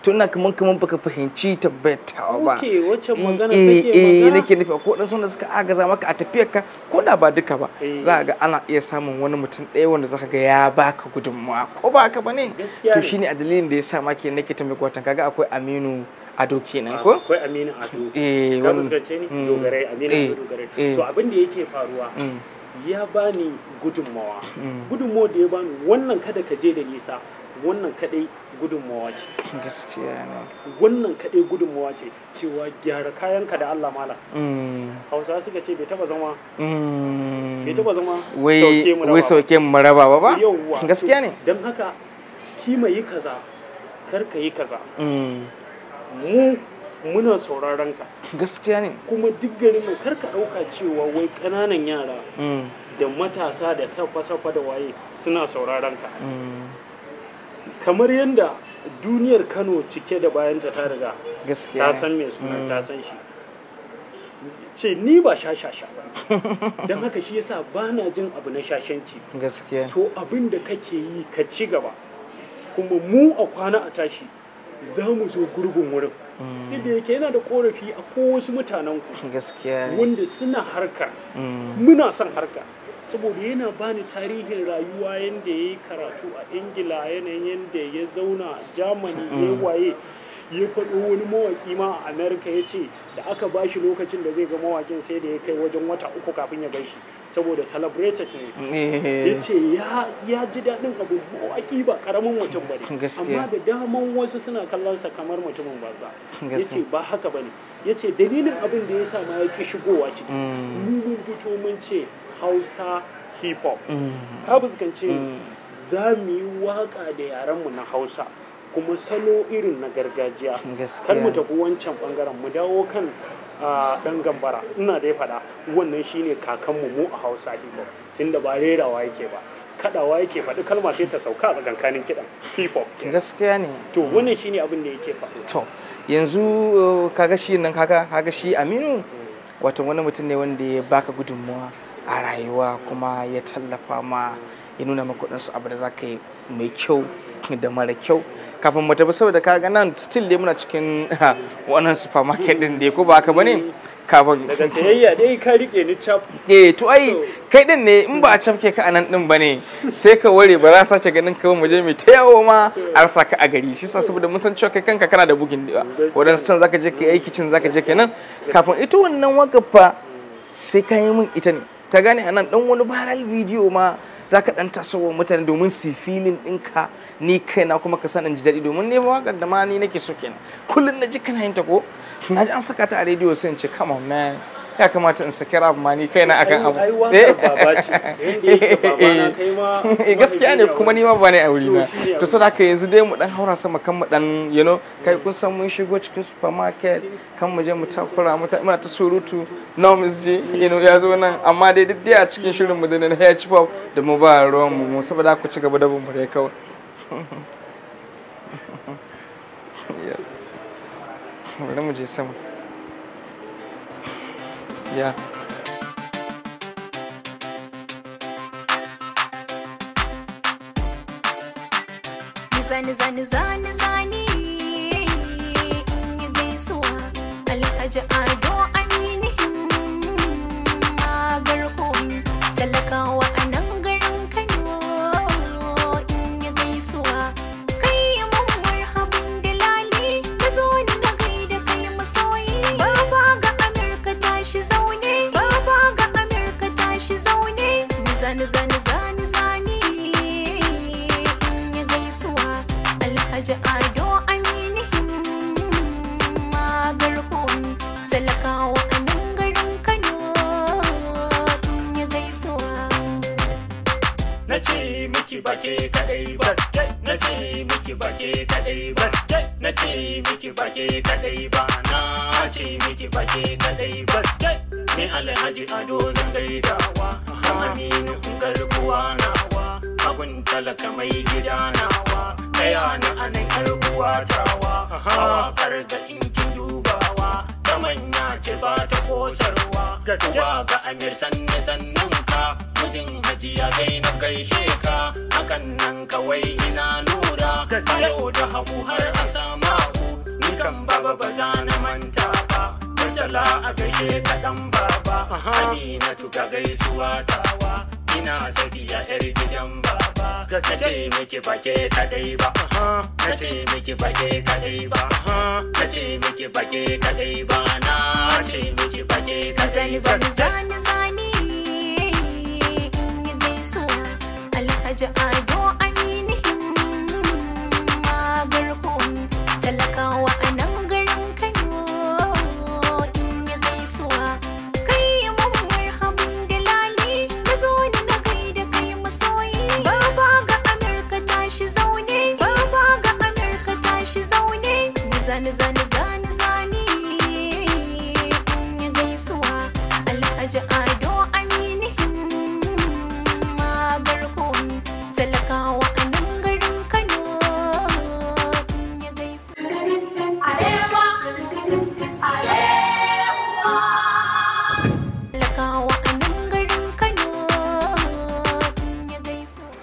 to ina kaman kaman baka fahimci tabbata ba okay wacce magana eh, take magana eh, eh nake nufi ko dan sanda suka agaza maka a tafiyar ka ko da ba duka ba eh. za ga ana iya samun wani mutum ɗaya wanda zaka ga ya baka gudunmawa ko ba ka bane to shine a dalilin da yasa maka ke nake tambaye kwatan kaga akwai Aminu Ado kenan ah, ko akwai Aminu Ado eh wannan ni mm. dogare Aminu dogare to abin da yake faruwa mm. ya bani gudunmawa mm. gudunmawa da ya bani wannan kada ka je da nisa wannan kadai gudunmawa ce gaskiya ne wannan kaɗai gudunmawa ce cewa gyara kayanka da Allah mala mm. hausa suka ce bai taba zama mm. bai taba zama wai sauke mu raba ba ba gaskiya ne don haka kima yi kaza karka yi kaza mm. mu muna sauraron ka gaskiya ne kuma duk gari mu karka ɗauka cewa wai ƙananan yara da matasa da safa-safa da waye suna sauraron ka kamar yadda duniyar kano cike da bayanta ta riga ta san mai suna ta mm. san shi ce ni ba sha sha sha ba (laughs) don haka shi yasa ba na jin abu na shashanci gaskiya to abin da kake yi ka ci gaba kuma mu a kwana a tashi za mu zo gurbin wurin inda mm. yake yana da korafi a ko wasu mutanen ku gaskiya wanda suna harka mm. muna son harka saboda yana bani tarihin rayuwa yadda ya yi karatu a ingila yanayin yadda ya zauna germany ya mm. waye ya faɗo wani mawaƙi ma a amerika ya ce da aka ba shi lokacin da zai ga mawaƙin sai da ya kai wajen wata uku kafin ya shi saboda celebrated ne eh. ya ce ya ji daɗin abu mawaƙi ba ƙaramin mutum ba ne amma da daman wasu suna kallon sa kamar mutumin banza ya ce ba haka ba ne ya ce dalilin abin da ya sa ma ya ƙi shigowa ciki mm. mun fito mun ce hausa hip hop ka mm. fuskanci mm. za mu yi waka da yarenmu na hausa kuma salo irin na gargajiya kar mu tafi wancan bangaren mu dawo kan dan gambara ina dai faɗa wannan shine kakanmu mu a hausa hip hop tunda ba rerawa yake ba kadawa yake faɗi kalma sai ta sauka a tsakankanin kiɗan hip hop gaskiya ne to wannan shine abin da yake faɗi to yanzu uh, kaga shi nan kaga kaga shi Aminu mm. wato wani mutum ne wanda ya baka gudunmuwa a rayuwa kuma ya tallafa ma ya nuna maka su abu da za ka yi mai kyau da mara kyau kafin mu tafi saboda ka ga nan still dai muna cikin wannan supermarket din dai ko ba haka bane kafin daga sayayya dai ka rike ni chap eh to ai kai din ne in ba a ke ka anan din bane sai ka ware ba za sa ce ganin ka mu je mai ta yawo ma a rasa ka a gari shi sa saboda mun san cewa kai kanka kana da bugin da wadansu can zaka je kai aiki cin zaka je kenan kafin ita wannan wakafa sai ka yi min ita ne ka gane a nan dan wani viral video ma za ka dan tasowa mutane domin su filin ɗinka ni kaina kuma ka sanin ji daɗi domin ne waƙar da ma ni nake so kenan kullum na ji kana yin ta ko na ji an saka ta a rediyo sai in ce come on man ya kamata in saki rap ma ni kaina akan abu eh (laughs) eh. (laughs) eh gaskiya ne kuma ni ma ba ne a wuri na to saboda haka yanzu dai mu dan haura sama kan mu dan you know kai kun san mun shigo cikin supermarket kan mu je mu takura mu ta muna ta surutu now miss ji you know ya zo nan amma dai duk dai a cikin shirin mu da na hip hop da mu ba ruwan mu saboda ku ci gaba da bin mu dai kawai (laughs) bari mu je sama Yeah. Nizani zani zani zani in yi gaisuwa alhaji adi da zani zani zani in ya gaisuwa alhaji ado aminihin magarkon talakawa a nan garin kano in ya gaisuwa na ce miki bake kadai ba na ce miki bake kadai ba na ce miki bake kadai ba na ce miki bake kadai ba ni alhaji ado zan gaidawa dan aminu garkuwa nawa abun talaka mai gida nawa kaya na anan karkuwa tawa hawa ga in kin dubawa ta ya ce ba ta kosarwa gaskiya ga amir sanne sannan ka mijin hajiya gai na kai sheka hakan nan kawai ina lura yau da Habu har a sama ku ni kan baba ba za na manta ba murtala a gaishe kaɗan baba amina tuka gaisuwa tawa ina safiya yar gidan baba na ce miki bake kadai ba na ce miki bake kadai ba na ce miki bake kadai ba na ce miki bake ba zani zani in yi gaisuwa alhaji ado aminihin magarkon talakawa zani zani zani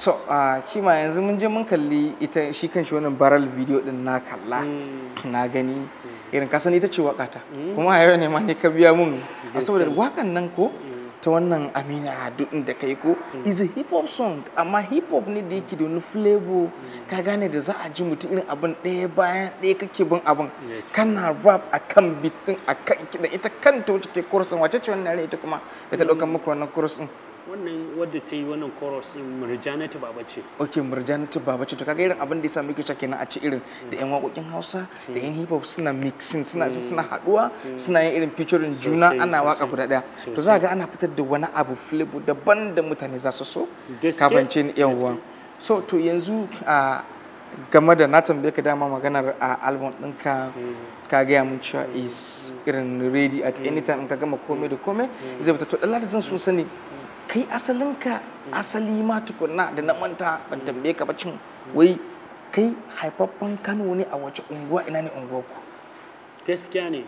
to a kima yanzu mun je mun kalli ita shi kan shi wannan baral video din na kalla mm. na gani mm. irin ka sani ita ce ta mm. kuma a yau ne ma ne ka biya mun saboda wakan nan ko ta wannan amina haduɗin da kai ko is a hip hop song amma hip hop ne da yake da wani flavor ka gane da za a ji mutum irin abin ɗaya bayan ɗaya kake bin abin kana rap a kan beat din a kan kiɗa ita kanta wacce ta kursin wacce ce wannan ita kuma da ta ɗaukan muku wannan kursin wannan wadda ta yi wannan chorus murjanatu baba ce ok murjanatu baba ce to kaga irin abin da yasa muke cike na a ci irin da yan waƙoƙin Hausa da yan hip hop suna mixing suna suna haduwa suna yin irin featuring juna ana waka guda daya to za ga ana fitar da wani abu flip daban da mutane za su so kabance ni yawwa so to yanzu a game da na tambaye ka dama maganar a album ɗinka hmm. ka gaya mun cewa is irin ready at any hmm. time in ka gama komai da komai hmm. zai fita to ɗan zan so sani kai asalinka asali ma tukunna da na manta ban tambaye ka bacin wai kai haifaffan kano ne a wace unguwa ina ne ku gaskiya ne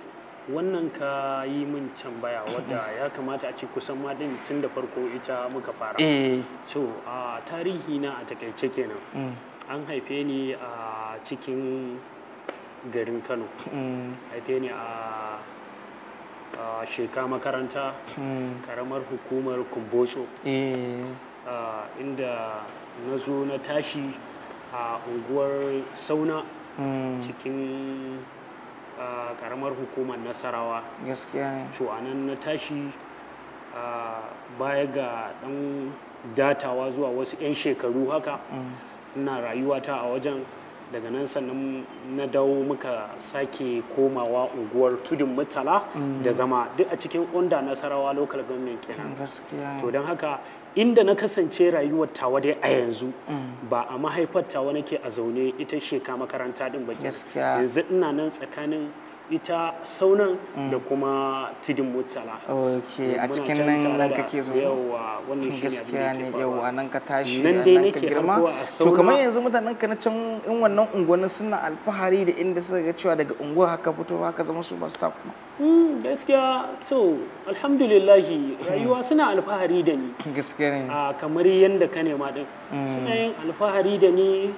wannan ka yi min can baya wadda ya kamata a ce kusan ma din tun da farko ita muka fara eh. so a tarihi na a takaice kenan mm. an haife ni a cikin garin kano mm. haife ni a sheka makaranta hmm. karamar hukumar kumbotso eh. inda na zo na tashi a unguwar sauna hmm. cikin karamar hukumar nasarawa to a nan na tashi baya ga dan datawa zuwa wasu 'yan shekaru haka hmm. ina rayuwata a wajen daga nan sannan na dawo muka sake komawa unguwar tudun mutala da mm. zama duk a cikin onda nasarawa local government kenan to don haka inda na kasance rayuwar tawa dai a yanzu mm. ba a mahaifar tawa nake a zaune ita sheka makaranta din ba yanzu ina nan tsakanin ita saunan mm. da kuma tidin mutala ok eh, a cikin nan nan kake zo yawa wannan shi gaskiya ne yawa nan ka tashi nan ka girma to kamar yanzu mutanen ka na can in wannan unguwannin suna alfahari da inda suka ga cewa daga unguwa haka fito haka zama su ba su ta kuma hmm, gaskiya to alhamdulillah hmm. rayuwa suna alfahari da ni gaskiya ne ah, kamar yadda ka nema din hmm. suna yin alfahari da ni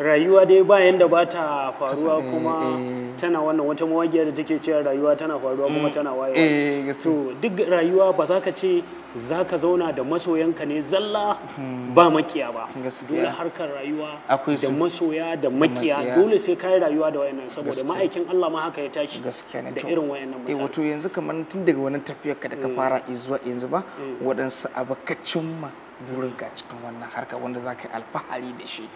rayuwa dai ba da ba ta faruwa kuma eh, eh. tana wannan wata mawagiya da take cewa rayuwa tana faruwa kuma mm. tana waye eh, so duk rayuwa ba za ka ce za ka zauna da masoyanka ne zalla hmm. ba makiya ba dole harkar rayuwa da masoya da makiya dole sai ka yi rayuwa da wayannan saboda ma'aikin Allah ma haka ya tashi da irin wayannan mutane wato yanzu kamar tun daga wannan tafiyar ka da ka hmm. fara zuwa yanzu ba hmm. waɗansu abakacin ma burinka cikin wannan harka wanda za ka yi alfahari da shi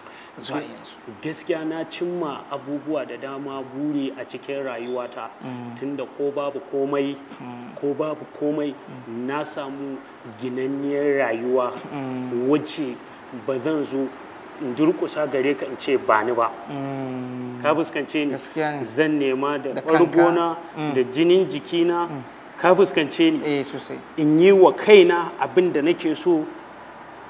gaskiya na cimma abubuwa da dama buri a cikin rayuwata mm. tunda ko babu komai mm. ko babu komai mm. na samu ginanniyar rayuwa wacce ba zan zo in durƙusa gare ka in ce ba ni ba ka fuskance ni zan nema da ɓargona da jinin jikina ka fuskance ni eh, in yi wa kaina abin da nake so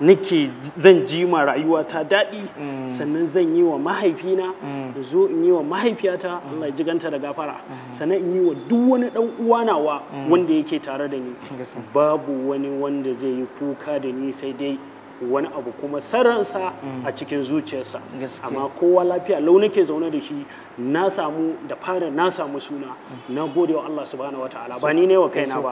nake zan ji ma rayuwata daɗi mm. sannan zan yi wa mahaifina mm. zo in yi wa mahaifiyata Allah ya ganta da gafara mm-hmm. sannan in yi wa duk wani ɗan uwa nawa mm. wanda yake tare da ni babu wani wanda zai yi kuka da ni sai dai wani abu kuma saransa mm. a cikin zuciyarsa amma kowa lafiya lau nake zaune da shi na samu da fara na samu suna mm. na gode wa Allah subhanahu ta'ala ba ni ne wa kaina ba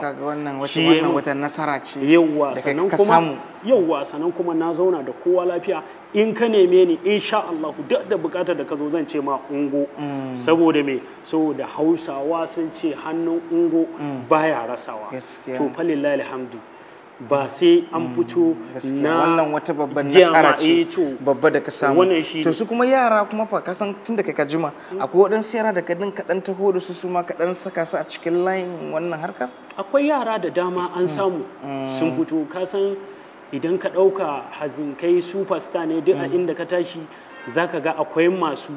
shi wannan wata wannan nasara ce yawa sanan kuma yawa sanan kuma na zauna da kowa lafiya in ka neme ni insha Allah duk da bukatar da ka zo zan ce ma ungo mm. saboda me saboda Hausawa sun ce hannun ungo baya rasawa to lillahi alhamdu ba sai an mm, fito na wannan wata babban nasara ce eh, babba da ka samu to su kuma yara kuma fa kasan tun kai ka jima mm. akwai waɗansu yara da ka din kaɗan taho da su su ma kaɗan saka su a cikin layin wannan harkar akwai yara da dama an mm. samu sun fito kasan idan ka ɗauka hazinkai superstar ne duk a inda ka tashi zaka ga akwai masu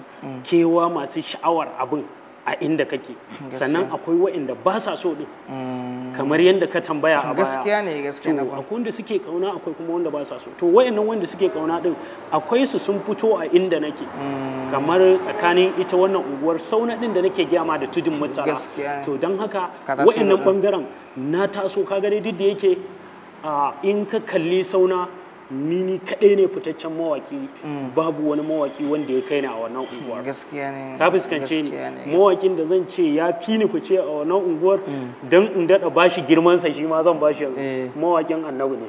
kewa masu sha'awar abin a inda kake sannan akwai waɗanda ba sa so din mm. kamar yadda ka tambaya a baya gaskiya ne gaskiya ne akwai wanda suke kauna akwai kuma wanda ba sa so to waɗannan wanda suke kauna din akwai su sun fito a inda nake mm. kamar tsakanin ita wannan unguwar sauna din da nake gyama da tudun mutara to don haka waɗannan bangaren na taso ka gani duk da yake in ka kalli sauna ni ni kaɗai ne fitaccen mawaki mm. babu wani mawaki wanda ya kai ni a wannan unguwar gaskiya ne ka fuskance ni mawakin da zan ce ya fi ni fice a wannan unguwar mm. dan in daɗa bashi girman sa shi ma zan bashi eh. mawakin annabi ne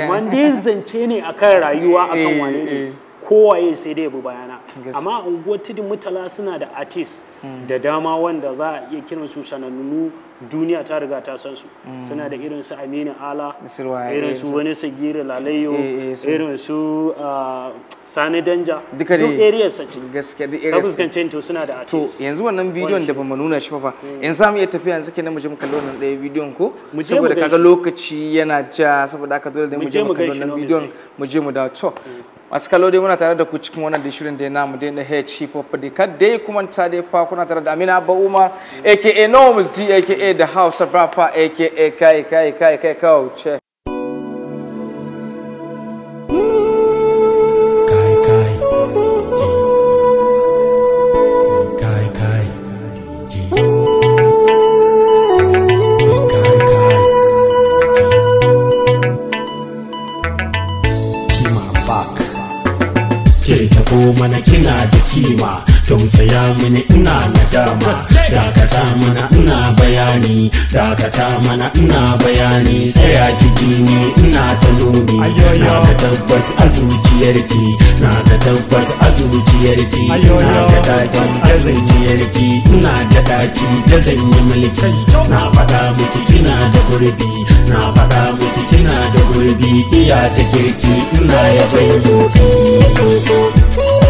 amma dai zance ne akan rayuwa akan (laughs) eh, wane ne eh. ya sai dai bu bayana amma unguwar tudun mutala suna da artist mm. da dama wanda za a iya kiran su sanannu duniya ta riga ta san su mm. suna da irin su aminu ala irin su wani sagiri lalayo eh, eh, irin su ah, sani danja duk area sa ce gaske da area sa fuskanci to suna da artist to yanzu wannan bidiyon da ba mu nuna shi ba in mm. za mu iya tafiya yanzu kenan mu je mu kalli wannan ɗaya bidiyon ko saboda kaga lokaci yana ja saboda aka dole da mu je mu kalli wannan bidiyon mu je mu da to masu kallo muna tare da ku cikin wannan da shirin da ya namu dai na H hip da kad kuma ta dai fa kuna tare da Amina Abba Umar aka enormous D aka The House of Rapper aka kai kai kai kai kai mana kina da kima tausaya mini ina na dama dakata mana ina bayani dakata mana ina bayani saya ki ne ina ta nuni na ta tabbas a zuciyarki na ta tabbas a zuciyarki na ta tabbas a zuciyarki ina da daki da zanyi mulki na faɗa miki kina da gurbi na faɗa miki kina da gurbi iya ta kirki ina ya bai zo kai ya so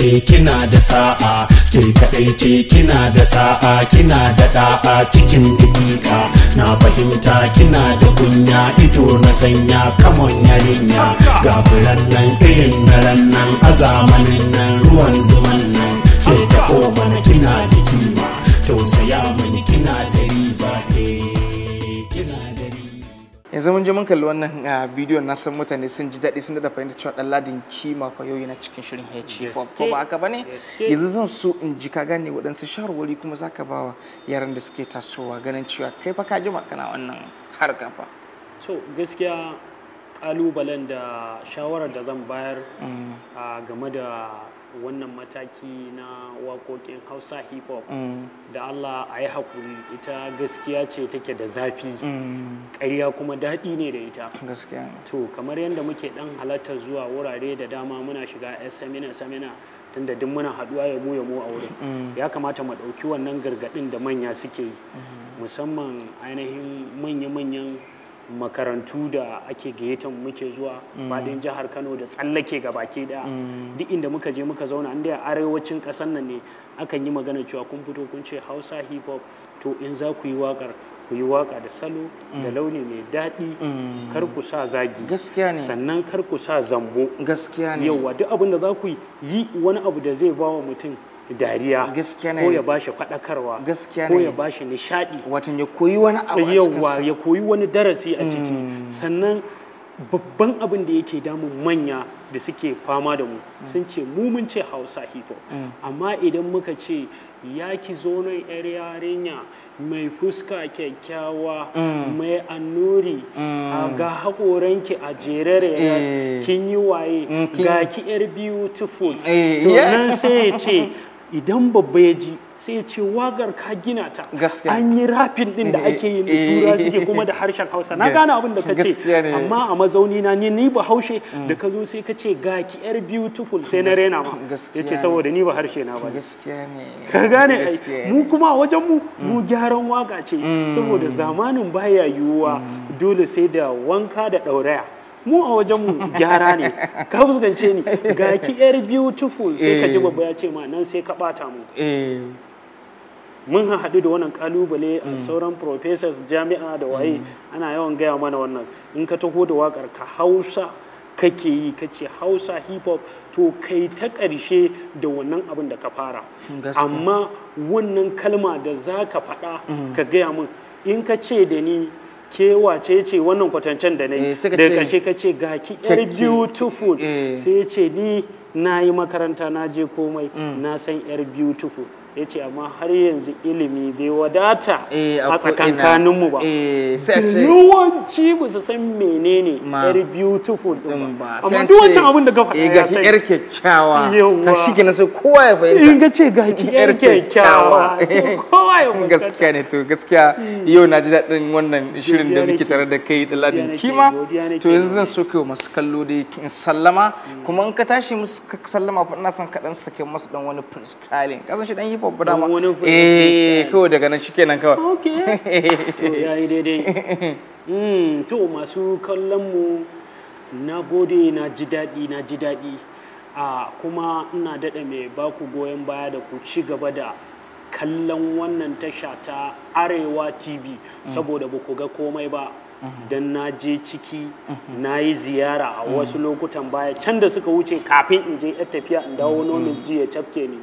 ce kina da sa'a ke kaɗai ce kina da sa'a kina da ɗa'a cikin daƙiƙa na fahimta kina da kunya ido na sanya kamon yarinya ga furan nan irin daren nan a zamanin nan ruwan zuman nan ke ta mana kina da kima tausaya yanzu mun je mun kalli wannan ah, bidiyon na san mutane sun ji daɗi sun daɗa fahimta cewa ɗanladin kima fa yau yana cikin shirin hip hop ko ba haka ba ne yanzu zan so in ji ka gane waɗansu shawarwari kuma za ka bawa yaran da suke tasowa ganin cewa kai fa ka ji kana wannan harka fa. to gaskiya ƙalubalen da shawarar da zan bayar mm. ah, game da wannan mataki na wakokin hausa hip hop mm. da allah a yi haƙuri ita gaskiya ce take da zafi mm. ƙarya kuma daɗi ne da ita Gaskiya. to kamar yadda muke ɗan halartar zuwa wurare da dama muna shiga samina samina tunda duk muna haɗuwa ya mu ya mu a wurin mm. ya kamata mu ɗauki wannan gargaɗin da manya suke yi musamman ainihin manya-manyan makarantu da ake gayyatan muke zuwa mm. faɗin jihar kano da tsallake ga baki da. Mm. duk inda muka je muka zauna inda arewacin ƙasar nan ne akan yi magana cewa kun fito kun ce hausa hip hop to in za ku yi waƙar ku yi waƙa da salo da mm. launi mai daɗi kar ku sa zagi gaskiya ne sannan kar ku sa zambo gaskiya ne yauwa duk abin da za ku yi wani abu da zai ba mutum dariya ko ya bashi faɗakarwa ko ya bashi nishaɗi watan ya koyi wani abu yawa ya koyi wani darasi a ciki mm. sannan babban abin da yake damun manya da suke fama da mu mm. sun ce mu mun ce hausa hito mm. amma idan muka ce ya ki zo nan yar yarinya mai fuska kyakkyawa mai annuri ga haƙoranki a jerere eh. kin yi waye ga ki yar beautiful eh, to nan sai ya ce (laughs) idan babba ya ji sai ya ce wagar ka gina ta an yi rafin din da eh, ake yi da eh. tura suke kuma da harshen hausa na (laughs) gane abin da ka ce amma a mazauni na ni ni ba haushe mm. da ka zo sai ka ce ga ki yar beautiful sai na rena ma ya ce saboda ni ba harshe na ba ka gane ai mu kuma a wajen mu mm. mu gyaran waga ce mm. saboda zamanin baya yiwuwa dole sai da wanka da ɗauraya mu a wajen mu gyara ne ka fuskance ni ga ki yar beautiful sai ka ji eh. babba ya ce ma nan sai ka bata mu eh. mun haɗu da wannan kalubale a mm. sauran professors jami'a da waye mm. ana yawan gaya mana wannan in ka taho da wakar ka hausa kake yi kace hausa hip hop to kai ta ƙarshe da wannan abin da ka fara hmm, amma wannan kalma da za ka faɗa mm. ka gaya min in ka ce da ni ke wace ce wannan kwatancen da na yi eh, da karshe ka ce ga ki yar beautiful eh. sai ce ni na yi makaranta na je komai mm. na san yar beautiful ya ce amma har yanzu ilimi bai wadata a eh, tsakankaninmu ba eh, yawanci ba su san menene yar beautiful din ba mm, amma duk wancan abin da gafa eh, ya sai yar kyakkyawa ka shike na sai kowa ya fahimta in ga ce ga ki yar kyakkyawa kowa ya fahimta gaskiya ne to gaskiya mm. yau na ji daɗin wannan shirin da muke tare da kai da ladin kima to yanzu zan so kai masu kallo da in sallama mm. kuma in ka tashi musu sallama fa ina son ka sake musu ɗan wani freestyling kasan shi dan yi hip hop eh, kawai daga nan shikenan kawai okay to yayi daidai (laughs) hmm, to masu kallon mu na gode na ji daɗi na ji daɗi a ah, kuma ina daɗa mai baku goyon baya da ku ci gaba da kallon wannan tasha ta arewa tv mm-hmm. saboda ba ku ga komai ba mm-hmm. don na je ciki mm-hmm. na yi ziyara a wasu lokutan baya can da suka wuce kafin in je ya tafiya in dawo nomis ji ya cafke ni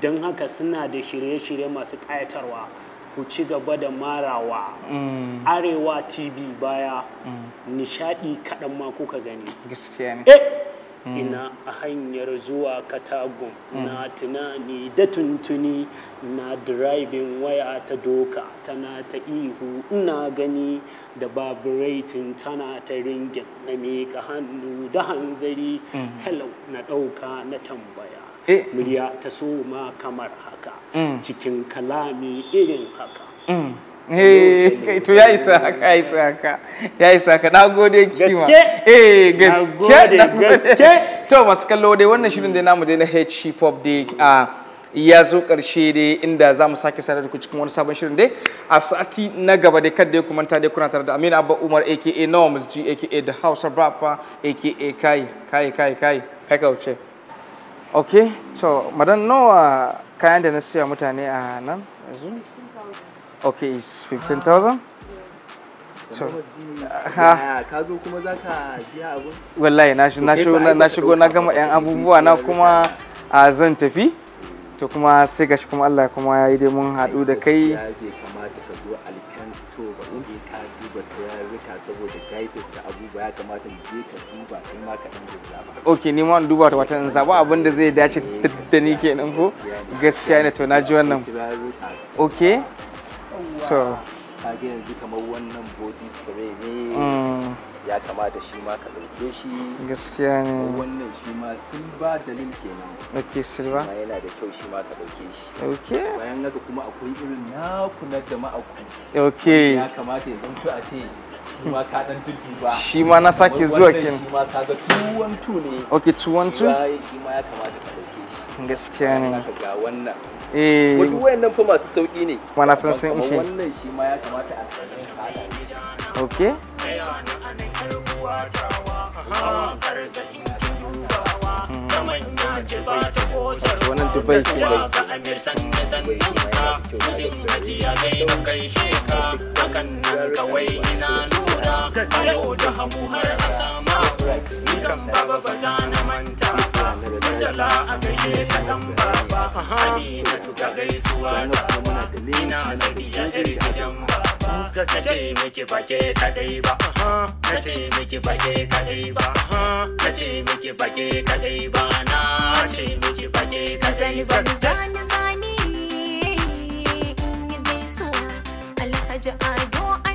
don haka suna da shirye-shirye masu ƙayatarwa ku ci gaba da marawa arewa tv baya nishadi kaɗan ma kuka gani gaskiya ne eh! Mm. ina a hanyar zuwa katagon. Mm. na tunani da tuntuni na driving waya ta doka tana ta ihu ina gani da babiratin tana ta ringin na miƙa hannu da hanzari mm. hello na ɗauka na tambaya eh. murya ta so ma kamar haka cikin kalami irin haka Eh, to ya isa haka ya isa haka ya eh, na gode gaske to masu kallo dai wannan shirin dai namu dai na hip hop dai ah, ya zo karshe dai inda za mu sake sanar da ku cikin wani sabon shirin dai a sati na gaba dai kada ku manta dai kuna tare da Aminu Abba Umar aka Norms G aka The House of aka Kai Kai Kai Kai Kai Kauce Okay to madan nawa kayan da na siya mutane a nan yanzu okay it's 15000 ah, gama yan abubuwa na kuma a zan tafi to kuma sai gashi kuma Allah kuma ya dai mun haɗu da kai ni ma duba wata in zaba abin da zai dace eh, da ni kenan ko gaskiya ne to na ji wannan okay zuwa kage yanzu kamar wannan body spray ne mm. ya kamata shi ma ka ɗauke shi gaskiya ne wannan shi ma silva dalil kenan ok silva ma yana da kyau shi ma ka ɗauke shi ok bayan haka kuma akwai irin naku na jama'a ku ok ya kamata ya zanto a ce ma ka dan ba shi ma na sake zuwa kin shi ma ka ga 212 ne ok 212 shi ma ya kamata ka gaskiya ne ga wannan eh duk fa masu sauki ne mana san sun ishe wannan shi ma ya kamata a kalle okay wannan dubai ce bai hakan nan kawai ina nura da hamu har a sama Idan baba ba za na manta ba, Murtala a gaishe ta dan baba, Amina tuka gaisuwa ta ba, ina sadiya yar gidan baba. Ga ta ce miki ba ke kadai ba, ta ce miki ba ke kadai ba, ta ce miki ba ke kadai ba, na ce miki ba ke kadai ba. Zani zani zani, in yi gaisuwa, Alhaji Ado